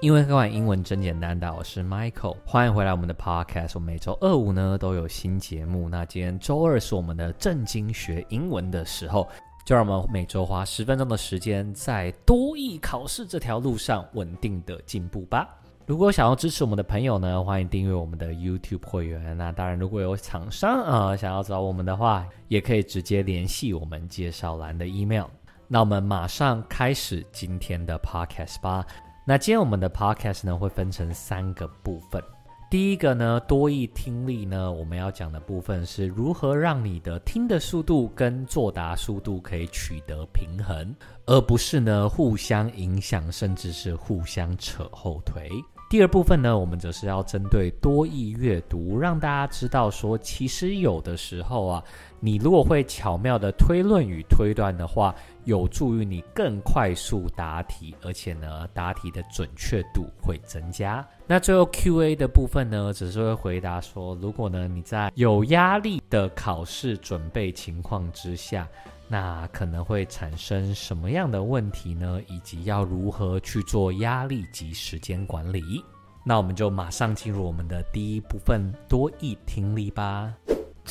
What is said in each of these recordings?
英文易開罐，英文真簡單的，大家好，我是 Michael，歡迎回來我們的 podcast。我們每周二五呢都有新節目。那今天周二是我們的正經學英文的時候，就讓我們每周花十分鐘的時間，在多益考試這條路上穩定的進步吧。如果想要支持我們的朋友呢，歡迎訂閱我們的 YouTube 會員。那當然，如果有廠商啊想要找我們的話，也可以直接聯繫我們介紹欄的 email。那我們馬上開始今天的 podcast 吧。那今天我們的 podcast 呢，會分成三個部分。第一個呢，多益聽力呢，我們要講的部分是如何讓你的聽的速度跟作答速度可以取得平衡，而不是呢互相影響，甚至是互相扯後腿。第二部分呢，我們則是要針對多益閱讀，讓大家知道說，其實有的時候啊，你如果會巧妙的推論與推斷的話，有助於你更快速答題，而且呢，答題的準確度會增加。那最後 Q&A 的部分呢，只是會回答說，如果呢你在有壓力的考試準備情況之下。那可能會產生什麼樣的問題呢？以及要如何去做壓力及時間管理？那我們就馬上進入我們的第一部分多益聽力吧。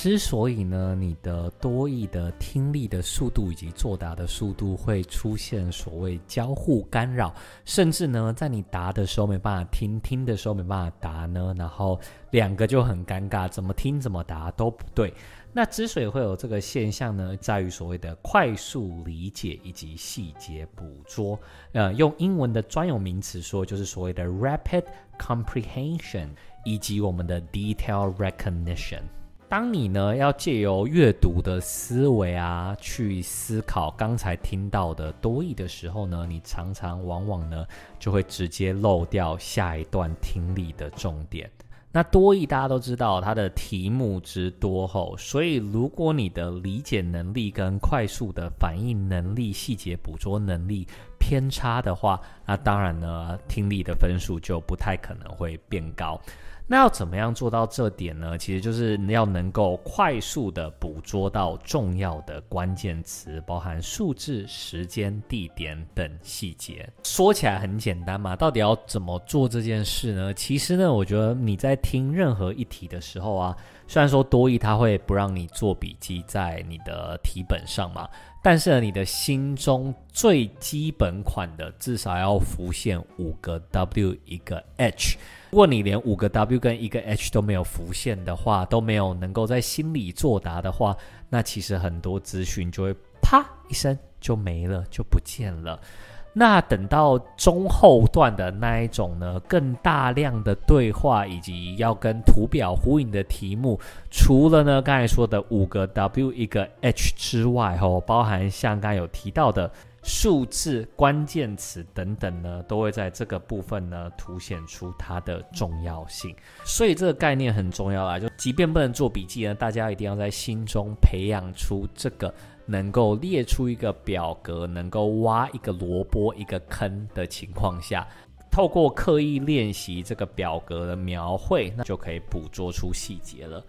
之所以呢，你的多義的聽力的速度以及作答的速度會出現所謂交互干擾，甚至呢，在你答的時候沒辦法聽，聽的時候沒辦法答呢，然後兩個就很尷尬，怎麼聽怎麼答都不對。那之所以會有這個現象呢，在於所謂的快速理解以及細節捕捉。呃，用英文的專有名詞說，就是所謂的 rapid comprehension 以及我們的 detail recognition。當你呢，要借由閱讀的思維啊去思考剛才聽到的多益的時候呢，你常常往往呢就會直接漏掉下一段聽力的重點。那多益大家都知道它的題目之多後，所以如果你的理解能力跟快速的反應能力，細節捕捉能力。偏差的話，那當然呢，聽力的分數就不太可能會變高。那要怎麼樣做到這點呢？其實就是要能夠快速的捕捉到重要的關鍵詞，包含數字、時間、地點等細節。說起來很簡單嘛，到底要怎麼做這件事呢？其實呢，我覺得你在聽任何一題的時候啊。雖然說多益它會不讓你做筆記在你的題本上嘛，但是呢，你的心中最基本款的至少要浮現五個 W 一個 H。如果你連五個 W 跟一個 H 都沒有浮現的話，都沒有能夠在心裡作答的話，那其實很多資訊就會啪一聲就沒了，就不見了。那等到中後段的那一種呢，更大量的對話以及要跟圖表呼應的題目，除了呢剛才說的五個 W 一個 H 之外吼，包含像剛才有提到的數字、關鍵詞等等呢，都會在這個部分呢凸顯出它的重要性。所以這個概念很重要啦，就即便不能做筆記呢，大家一定要在心中培養出這個。能夠列出一個表格，能夠挖一個蘿蔔一個坑的情況下，透過刻意練習這個表格的描繪，那就可以捕捉出細節了。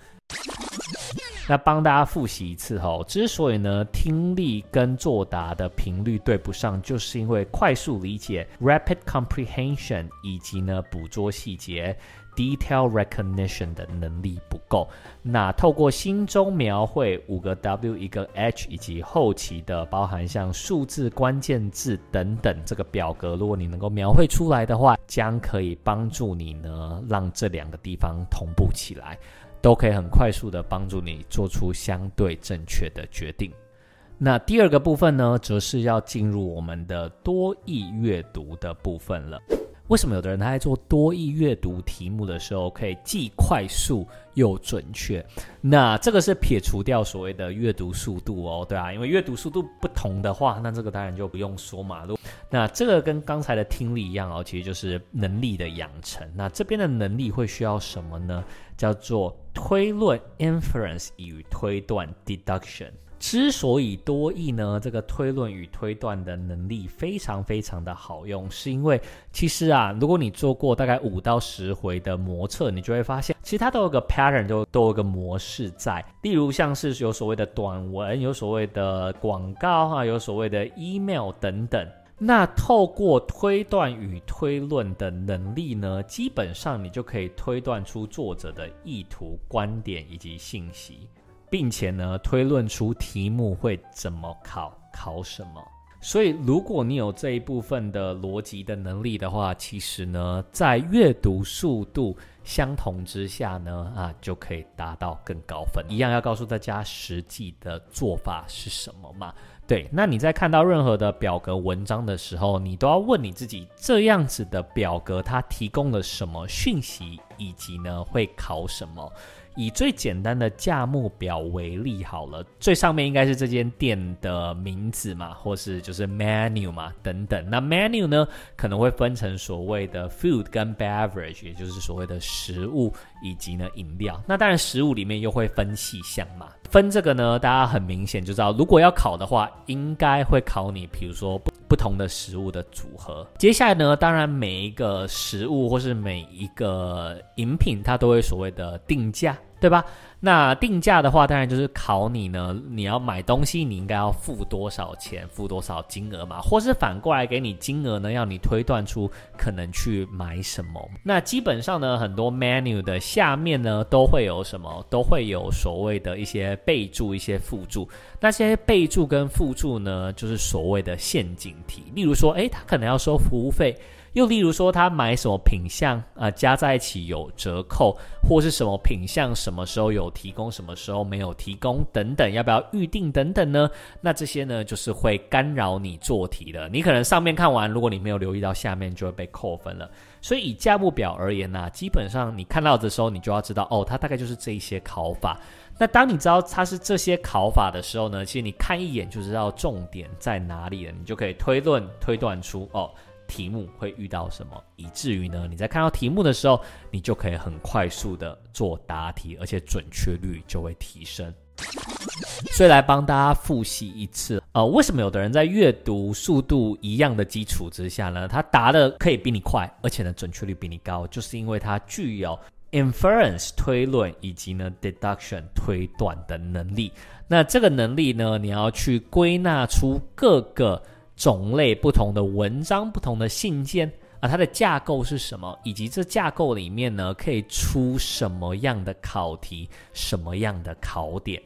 那幫大家複習一次哦，之所以呢聽力跟作答的頻率對不上，就是因為快速理解 （rapid comprehension） 以及呢捕捉細節。detail recognition 的能力不夠，那透過心中描繪五個 W 一個 H 以及後期的包含像數字、關鍵字等等這個表格，如果你能夠描繪出來的話，將可以幫助你呢，讓這兩個地方同步起來，都可以很快速的幫助你做出相對正確的決定。那第二個部分呢，則是要進入我們的多益閱讀的部分了。為什麼有的人他在做多益閱讀題目的時候可以既快速又準確？那這個是撇除掉所謂的閱讀速度哦，對啊，因為閱讀速度不同的話，那這個當然就不用說嘛。那這個跟剛才的聽力一樣哦，其實就是能力的養成。那這邊的能力會需要什麼呢？叫做推論 （inference） 與推斷 （deduction）。之所以多益呢，這個推論與推斷的能力非常非常的好用，是因為其實啊，如果你做過大概五到十回的模測，你就會發現，其實它都有個 pattern，都，都有個模式在。例如像是有所謂的短文，有所謂的廣告啊，有所謂的 email 等等。那透過推斷與推論的能力呢，基本上你就可以推斷出作者的意圖、觀點以及信息。並且呢，推論出題目會怎麼考，考什麼。所以，如果你有這一部分的邏輯的能力的話，其實呢，在閱讀速度相同之下呢，啊，就可以達到更高分。一樣要告訴大家，實際的做法是什麼嘛？對，那你在看到任何的表格文章的時候，你都要問你自己：這樣子的表格它提供了什麼訊息，以及呢，會考什麼？以最簡單的價目表為例好了，最上面應該是這間店的名字嘛，或是就是 menu 嘛，等等。那 menu 呢可能會分成所謂的 food 跟 beverage，也就是所謂的食物以及呢飲料。那當然食物裡面又會分細項嘛。分這個呢，大家很明顯就知道，如果要考的話，應該會考你，比如說不同的食物的組合，接下來呢，當然，每一個食物或是每一個飲品，它都會所謂的定價。對吧？那定價的話，當然就是考你呢，你要買東西，你應該要付多少錢，付多少金額嘛，或是反過來給你金額呢，要你推斷出可能去買什麼。那基本上呢，很多 menu 的下面呢，都會有什麼，都會有所謂的一些備注、一些附注。那些備注跟附注呢，就是所謂的陷阱題。例如說，誒，他可能要收服務費。又例如說，他買什麼品項，呃，加在一起有折扣，或是什麼品項，什麼時候有提供，什麼時候沒有提供，等等，要不要預定等等呢？那這些呢，就是會干擾你做題的。你可能上面看完，如果你沒有留意到，下面就會被扣分了。所以以價目表而言呢，啊，基本上你看到的時候，你就要知道，哦，它大概就是這一些考法。那當你知道它是這些考法的時候呢，其實你看一眼就知道重點在哪裡了，你就可以推論推斷出，哦。題目會遇到什麼，以至於呢，你在看到題目的時候，你就可以很快速的做答題，而且準確率就會提升。所以來幫大家複習一次，呃，為什麼有的人在閱讀速度一樣的基礎之下呢？他答的可以比你快，而且呢準確率比你高，就是因為他具有 inference 推論以及呢 deduction 推斷的能力。那這個能力呢，你要去歸納出各個。種類不同的文章、不同的信件啊，它的架構是什麼？以及這架構裡面呢，可以出什麼樣的考題、什麼樣的考點？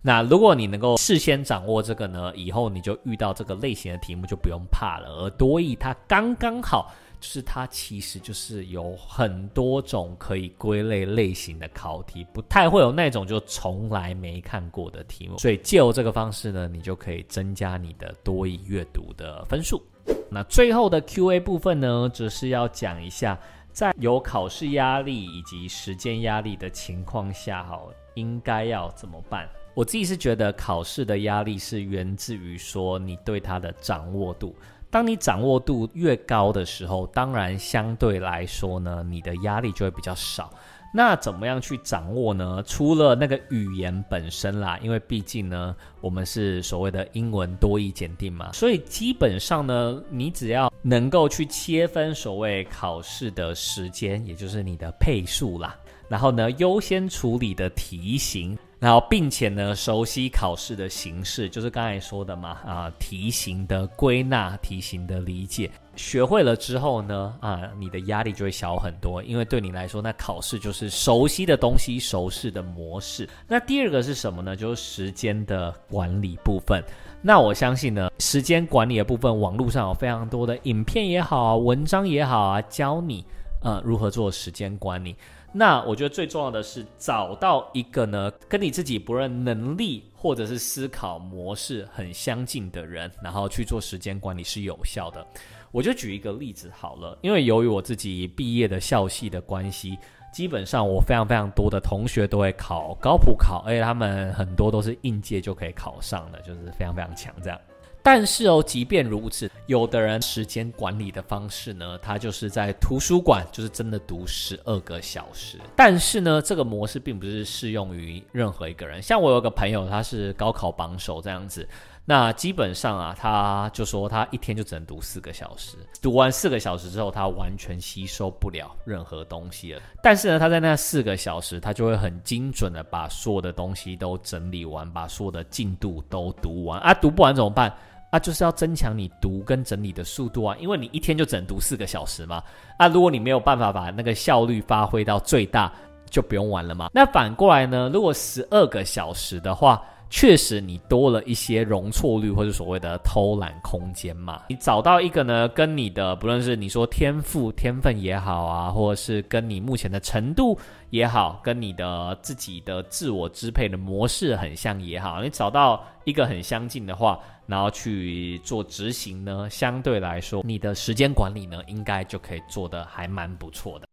那如果你能夠事先掌握這個呢，以後你就遇到這個類型的題目就不用怕了，而多益它剛剛好。是它，其實就是有很多種可以歸類類型的考題，不太會有那種就從來沒看過的題目，所以借由這個方式呢，你就可以增加你的多益閱讀的分數。那最後的 QA 部分呢，則是要講一下，在有考試壓力以及時間壓力的情況下，哈，應該要怎麼辦？我自己是覺得考試的壓力是源自於說你對它的掌握度。當你掌握度越高的時候，當然相對來說呢，你的壓力就會比較少。那怎麼樣去掌握呢？除了那個語言本身啦，因為畢竟呢，我們是所謂的英文多益檢定嘛，所以基本上呢，你只要能夠去切分所謂考試的時間，也就是你的配速啦，然後呢，優先處理的題型。然後，並且呢，熟悉考試的形式，就是剛才說的嘛，啊、呃，題型的歸納，題型的理解，學會了之後呢，啊、呃，你的壓力就會小很多，因為對你來說，那考試就是熟悉的東西，熟悉的模式。那第二個是什麼呢？就是時間的管理部分。那我相信呢，時間管理的部分，網絡上有非常多的影片也好，啊，文章也好啊，教你呃如何做時間管理。那我覺得最重要的是找到一個呢，跟你自己不論能力或者是思考模式很相近的人，然後去做時間管理是有效的。我就舉一個例子好了，因為由於我自己畢業的校系的關係，基本上我非常非常多的同學都會考高普考，而且他們很多都是應屆就可以考上的，就是非常非常強這樣。但是哦，即便如此，有的人時間管理的方式呢，他就是在圖書館，就是真的讀十二個小時。但是呢，這個模式並不是適用於任何一個人。像我有個朋友，他是高考榜首這樣子，那基本上啊，他就說他一天就只能讀四個小時，讀完四個小時之後，他完全吸收不了任何東西了。但是呢，他在那四個小時，他就會很精準地把所有的東西都整理完，把所有的進度都讀完啊，讀不完怎麼辦？它、啊、就是要增強你讀跟整理的速度啊，因為你一天就只能讀四個小時嘛。那、啊、如果你沒有辦法把那個效率發揮到最大，就不用玩了嘛。那反過來呢，如果十二個小時的話，確實你多了一些容錯率或者所謂的偷懶空間嘛。你找到一個呢，跟你的不論是你說天賦天分也好啊，或者是跟你目前的程度也好，跟你的自己的自我支配的模式很像也好，你找到一個很相近的話，然後去做執行呢，相對來說，你的時間管理呢，應該就可以做得還蠻不錯的。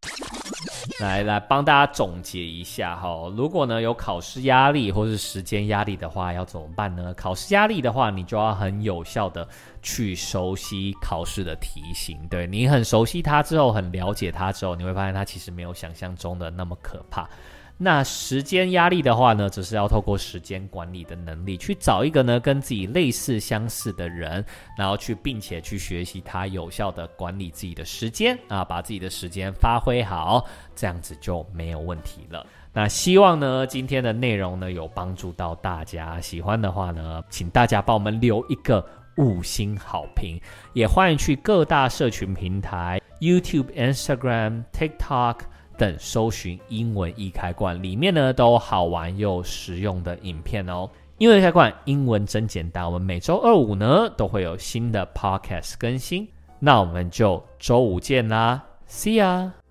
來來，幫大家總結一下哈、哦，如果呢有考試壓力或是時間壓力的話，要怎麼辦呢？考試壓力的話，你就要很有效地去熟悉考試的題型，對，你很熟悉它之後，很了解它之後，你會發現它其實沒有想象中的那麼可怕。那時間壓力的話呢，只是要透過時間管理的能力去找一個呢跟自己類似相似的人，然後去並且去學習他有效的管理自己的時間啊，把自己的時間發揮好，這樣子就沒有問題了。那希望呢今天的內容呢有幫助到大家，喜歡的話呢，請大家幫我們留一個五星好評，也歡迎去各大社群平台 YouTube、Instagram、TikTok。等搜尋英文易開罐，裡面呢都好玩又實用的影片哦。英文易開罐，英文真簡單。我們每周二五呢都會有新的 podcast 更新，那我們就周五見啦，See ya。